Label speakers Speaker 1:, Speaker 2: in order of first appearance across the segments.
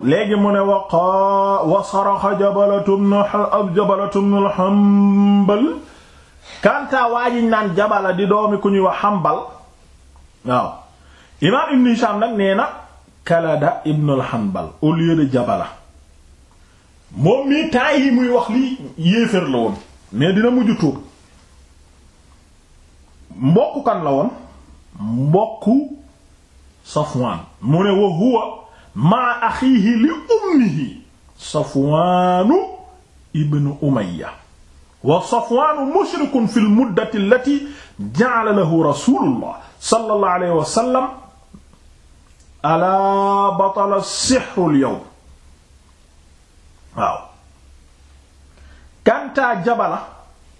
Speaker 1: léegi mu ne waqa wa saraxa jabalatum jabalatum nul Hanbal kanta waajiñ naan jabala di doomi ku ñuy wax Hanbal imaam Ibn Hisham nag nee na ibnul Hanbal au lieu de jabala moom mii temps yi muy wax lii yéeféer la woon mais dina mujj tuub mbokku kan la woon mbokku Safwaan mu ne wa maa axiihi li ummihi safwaanu ibnu umayya wa safwaanu mushrikun fi lmuddati allati ja'ala lahu rasulullah sallallahu alayhi wa sallam alaa batala sixru lyowm waaw kantaa jabala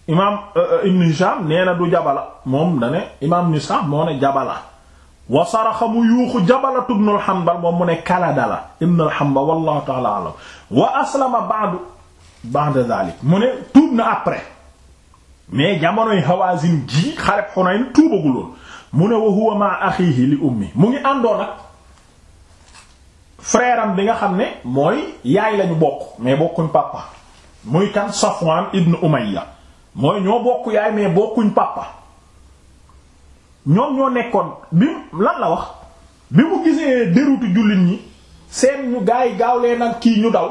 Speaker 1: imaam euh, euh, ibn hisham nee na du jabala moom dane imaam nisaax moo ne jabala wa saraxa mu yuuxu jabalatu ibn al-Hanbal moom mu ne kalada la ibn al-Hanbal wallahu ta'ala alam wa aslama ba'du ba'da dhalik mu ne tuub na après mais jamonoy Hawazin gi xareb Hunayn tuubaguloon mu ne wa huwa ma axiihi li ummi mu ngi àndoon ak frère bi nga xam ne mooy yaay lañu bokk mais bokkuñ papa muy kan Safwan ibn Umayya mooy ñoo bokk yaay mais bokkuñ papa ñoom ñoo nekkoon bi lan la wax bi mu gisee dérutu jullit ñi seen ñu gaay gaaw leen kii ñu daw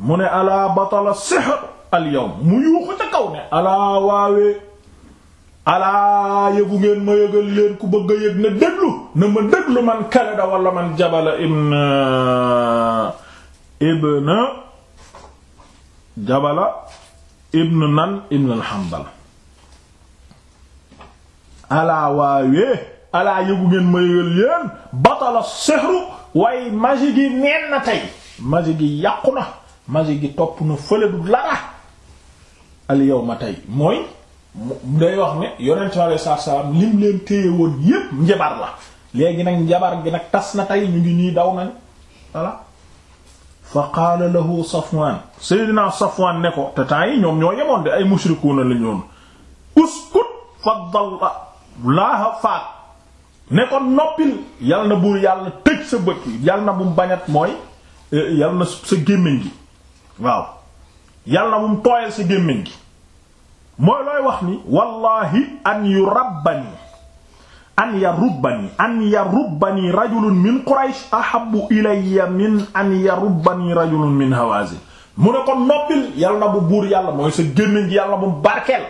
Speaker 1: mu ne alaa batala sihr al yawm mu yuuxu ca kaw ne alaa waawee alaa yëgu ngeen ma yëgal leen ku bëgg a yëg na déglu na ma déglu man Kalada wala man Jabala ibn ibn Jabala ibn nan ibn al alaa waawee alaa yëgu ngeen ma yëgal yéen batala sihru waaye magie gi neen na tey magie gi yàqu na magie gi topp na fële du dara al mooy day wax ne yonent bi alei lim leen téye woon la léegi nag njabar gi nag tas na tey ñu ngi nii daw na voilà fa qaala lahu safwaan seydinaa safwaan ne ko te temps yi ñoom ñoo yemoon de ay mushrikuuna la ñoon uskut faddal laaha faat ne ko noppil yal na buur yàlla tëj sa bët yi yal na bu mu bañat mooy e, yal na sa gémmiñ gi waaw yal na bu mu tooyal sa gémmiñ gi mooy looy wax ni wallahi an yu rabbani an ya rubbani an ya rubbani rajulun min quraysh ahabbu ilayya min an ya rubbani rajulun min hawazin mu ne ko noppil yal na bu buur yàlla mooy sa gémmiñ gi yal na bu mu barkeel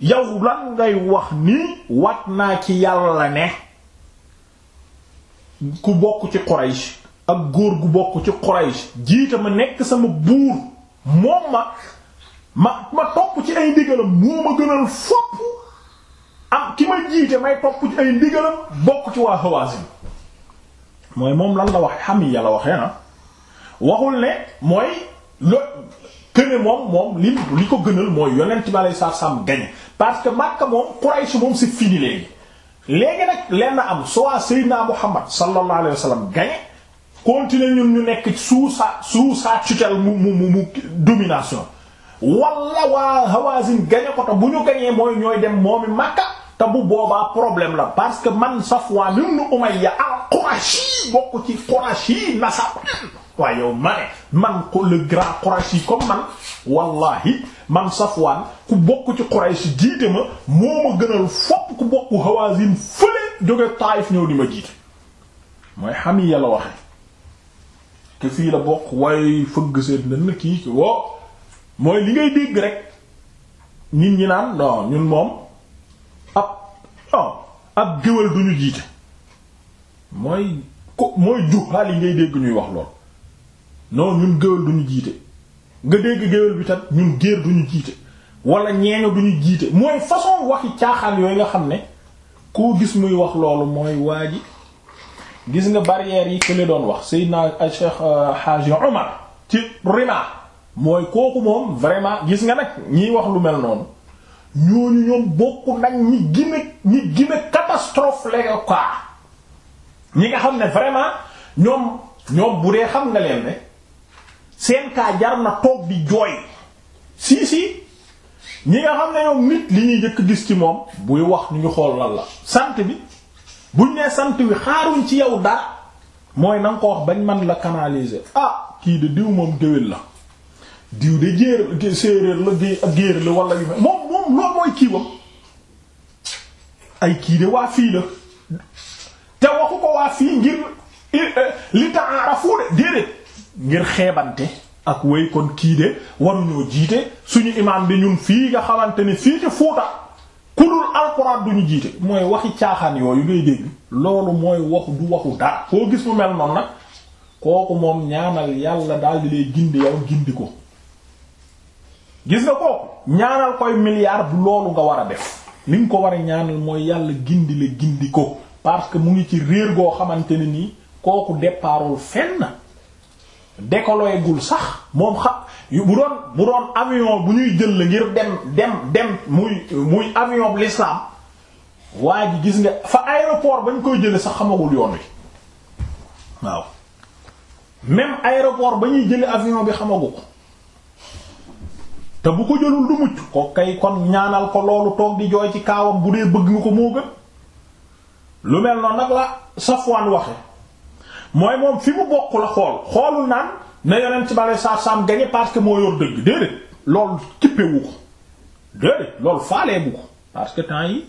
Speaker 1: yow lan ngay wax ni wat naa ci yàlla ne ku bokk ci Quraysh ak góor gu bokk ci Quraysh jiite ma nekk sama buur moom ma ma ma topp ci ay ndigalam moo ma gënal fopp am ki ma jiite may topp ci ay ndigalam bokk ci waa Hawazin mooy moom lan la wax xam yi yàlla waxee na waxul ne mooy lo këne moom moom lim li ko gënal mooy yonent bi aleyhi salaatu salaam gañe parce que Makka moom Quraysh moom c'est fini léegi léegi nag lenn am soit Seydina Muhammad sallallahu alayhi wa sallam gañe continuer ñun ñu nekk sous sa sous sa tutelle mu mu mu mu domination wala waa Hawazin gañe ko bu ñu gañee mooy ñooy dem moomi Makka te bu boobaa problème la parce que man Safwan ibn Umayya al-Qurashi bokk ci Qurashi nasab waaye yow ma ne man ko le grand Qurashi comme man wallahi man Safwaan ku bokk ci Quraysh jiite ma moo ma gënal fopp ku bokk Hawaazin fële jóge Taayif ñëw di ma jiite mooy xam yi yàlla waxe te fii la bokk waaye fëgg seen dënn kii woo mooy li ngay dégg rek nit ñi naan non ñun moom ab non ab géwél duñu jiite mooy ko mooy juxaal yi ngay dégg ñuy wax lool non ñun géwél ñu jiite nga dégg géwél bi tam ñun géer duñu jiite wala ñeeño duñu jiite mooy façon waxi caaxaan yooyu nga xam ne koo gis muy wax loolu mooy waa ji gis nga barrières yi kële doon wax naa Cheikh euh, Haji Omar ci rima mooy kooku moom vraiment gis nga nag ñiy wax lu mel noonu ñoom bokk nag ñi gën a ñi gën catastrophe la quoi ñi nga xam ne vraiment ñoom ñoom bu dee xam nga leen ne seen kaa na toog bi jooy si ñi nga xam ne ñoom nit li ñuy njëkk gis ci moom buy wax ñu ngi xool lan la sant bi buñ nee sant bi xaaruñ ci yow dara mooy na nga ko wax bañ man la canaliser ah kii de diw moom géwél la diw de jéer séeréer la géer la wala yu mel moom moom loolu mooy kiiwam ay kii de waa fii la te waxu ko waa fii ngir eh, li ta'arafu de déedéet ngir xeebante ak way kon kii de waruñoo jiite suñu imaam bi ñun fii nga xamante ni fii ci Fuuta ku dul alxuraan duñu jiite mooy waxi caaxaan yooyu ngay dégg loolu mooy waxu du waxu dara koo gis mu mel noonu nag kooku moom ñaanal yàlla daal di lay gindi yow gindi ko gis nga kooku ñaanal koy milliard bu loolu nga war a def li nga ko war a ñaanal mooy yàlla gindi la gindi ko parce que mu ngi ci réer goo xamante ne nii kooku départul fenn. décolleegul sax moom xa bu doon bu doon avion bu ñuy jël ngir dem dem dem muy muy avion bu l'islam waa ji gis nga fa aéroport bañ koy jële sax xamagul yoon wi waaw même aéroport ba ñuy jële avion bi xamagu ko te bu ko jëlul du mucc ko kay kon ñaanal ko loolu toog di jooy ci kaawam bu dee bëgg nga ko moo gën lu mel noon nag la Safwan waxe mooy moom fi mu bokk la xool xoolul naan na yonent ci bale saa saam gañe parce que moo yor dëgg déedéet loolu kippewu ko déedéet loolu faalee ko parce que temps yi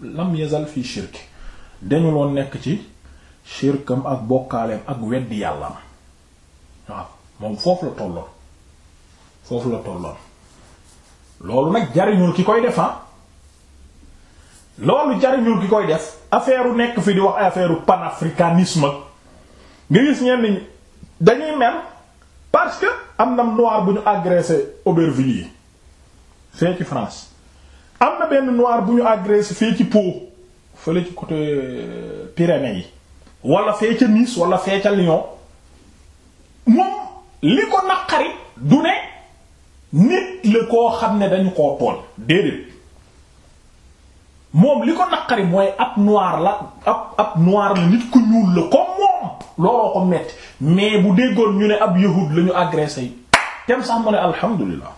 Speaker 1: lam yazal fii shirk dañu loon nekk ci shirkam ak bokkaaleem ak weddi yàlla ma waaw moom foofu la tolloon foofu la tolloon loolu nag jariñul ki koy def ah. loolu jariñul ki koy def affaire nekk fi di wax affaire panafricanisme nga gis ñenn ñi dañuy mer parce que am na noir bu ñu agressé Aubervilliers fee ci France am na benn noir bu ñu agressé fee ci Pau fële ci côté euh, Pyrénées yi wala fee ca Nice wala fee ca Lyon moom li ko naqari du ne nit la koo xam ne dañu koo tool déedéet moom li ko naqari mooy ab noir la ab ab noir la nit ku ñuul la ko looloo ko metti mais bu déggoon ñu ne ab yahud lañu ñu agressé yi tem sax mu ne alhamdulilah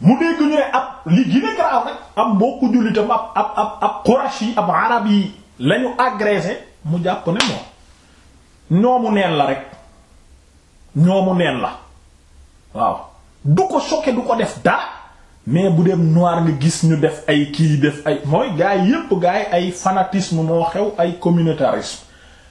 Speaker 1: mu dégg ne ab li gën a garaaw rek am mbokku jullitam ab ab ab ab qurash yi ab arab yi la ñu mu jàpp ne moom ñoomu neen la rek ñoomu neen la waaw du ko choqué du ko def dara mais bu dem noir nga gis ñu def ay kii def ay mooy gaa yi yépp gaa ay fanatisme moo xew ay communautarisme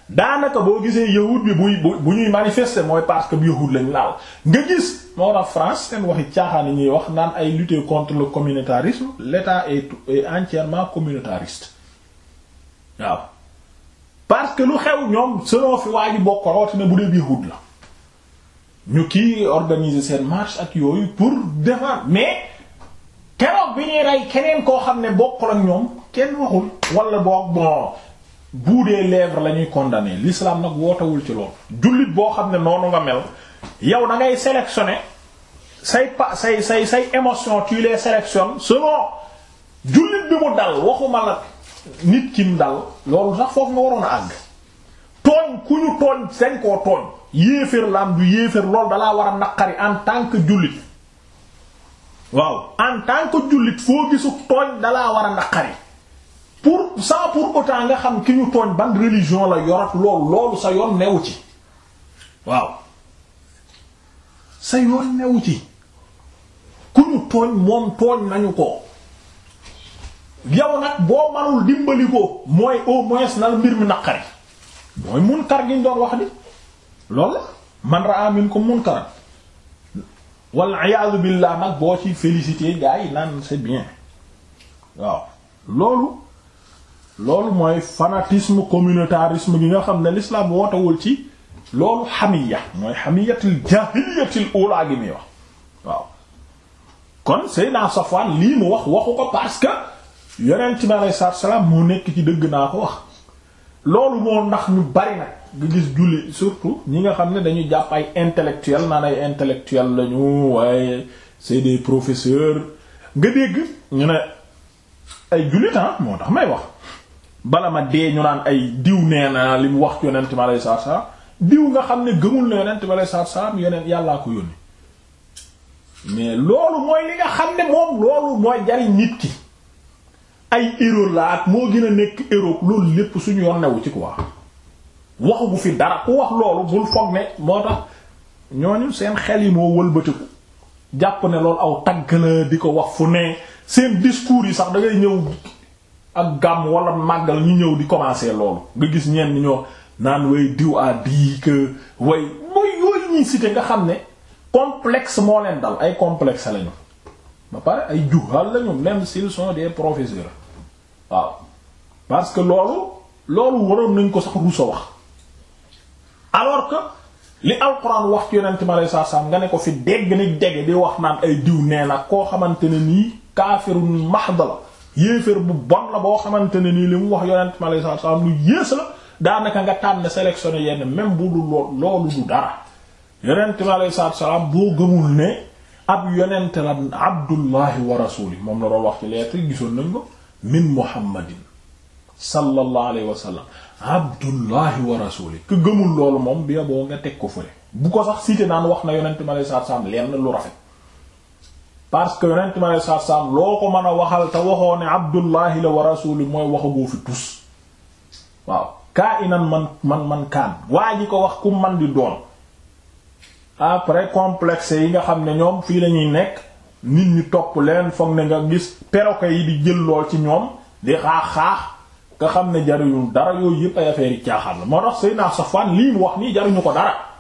Speaker 1: daanaka boo gisee yahud bi buy bu ñuy manifester mooy parce que yahud lañ laal nga gis moo tax France seen waxi caaxaan yi ñuy wax naan ay lutter contre le communautarisme l'État est entièrement communautariste waaw parce que lu xew ñoom selon fi waa ji bokk rawatina bu dee yahud la ñu kii organiser seen marche ak yooyu pour défendre mais keroog bi ñuy rey keneen koo xam ne bokkul ak ñoom kenn waxul wala boog bon. bout des lèvres la ñuy condamner nag wootawul ci lool jullit boo xam ne noonu nga mel yow da ngay sélectionner say pa say say say émotion tu les sélectionnes selon jullit bi mu dal waxuma la nit kim mu dal loolu sax foofu nga waroon a àgg tooñ ku ñu tooñ sañ koo tooñ yéefér lam du loolu dalaa war a naqari en tant que jullit waaw en tant que jullit foo gisu tooñ dalaa war a naqari pour sans pour autant nga xam ki ñu tooñ ban religion la yor ak loolu loolu sa yoon newu ci waaw sa yoon newu ci ku ñu tooñ moom tooñ nañu ko yow nag boo manul dimbali ko mooy au moins na mbir mi naqari mooy munkar gi ñu doon wax di loolu la man ra'a minkum munkaran wal a'yadu billah nag boo ci félicité gars yi naan c'est bien waaw loolu loolu mooy fanatisme communautarisme gi nga xam ne l'islam wootewul ci loolu xamiya mooy xamiyatil jaahiliyatil ula gi muy wax waaw kon Seydina Safwan lii mu wax waxu ko parce que yonent bi alayhi salaatu salaam moo nekk ci dëgg naa ko wax loolu moo ndax ñu bari nag nga gis julli surtout ñi nga xam ne dañu jàpp ay intellectuel naan ay intellectuel lañu waaye c'est des professeurs nga dégg ñu ne ay jullit ah moo tax may wax bala ma dee ñu naan ay diw nee na li mu wax yonent bi alayhi salaatu diw nga xam ne gëmul na yonent bi alayhi salaatu salaam yonent yàllaa ko yónni mais loolu mooy li nga xam ne moom loolu mooy jariñ nit ki ay erreur la ak moo gën a nekk erreur loolu lépp suñu yoon newu ci ko quoi waxu bu fi dara ku wax loolu bul foog ne moo tax ñooñu seen xel yi moo wëlbatiku jàpp ne loolu aw tagg la di ko wax fu ne seen discours yi sax dangay ngay ñëw ak gàmm wala màggal ñu ñëw di commencer loolu nga gis ñenn ñoo naan way diw a di que way mooy yooyu ñuy cité nga xam ne complexe moo leen dal ay complexe lañu ba pare ay juhal lañu même s'ils sont des professeurs waaw parce que loolu loolu waroon nañ ko sax ruusa wax alors que li alxuraan wax ci yonent ma lay saa saa nga ne ko fi dégg ni dégg di wax naan ay diw nee na koo xamante ne nii kaafirun mahd yéeféer bu bam la boo xamante ne nii li mu wax yonent mi alayhi salaam lu yées la daanaka nga tànn sélectionné yenn même bu dul loolu du dara yonent mi alayhi salaam boo gëmul ne ab yonent la abdullahi wa rasuli moom la doon wax ci lettre gisoon nañ ko min muhammadin sallallahu alayhi wa sallam abdullahi wa rasuli ku gëmul loolu moom bi boo nga teg ko fële bu ko sax cité naan wax na yonent mi alayhi salaam lenn lu rafet parce que yonent mi alei satu salaam loo ko mën a waxal te waxoo ne abdullahi la wa rasuli mooy waxagoo fi tus waaw kaa inan man man man kaan waa ji ko wax ku man di doon après complexe yi nga xam ne ñoom fii lañuy nekk nit ñi topp leen foog ne nga gis perroquet yi di jël lool ci ñoom di xaax-xaax nga xam ne jaruñu dara yooyu yëpp ay affaire yi caaxaan la moo tax sa Safwan lii mu wax nii jaruñu ko dara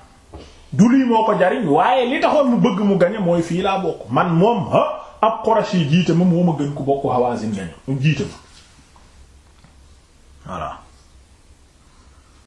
Speaker 1: du lii moo ko jariñ waaye li taxoon mu bëgg mu gañe mooy fii laa bokk man moom ha ab Qurashi jiite ma moo ma gën ku bokk Hawazin gañe mu jiite ma voilà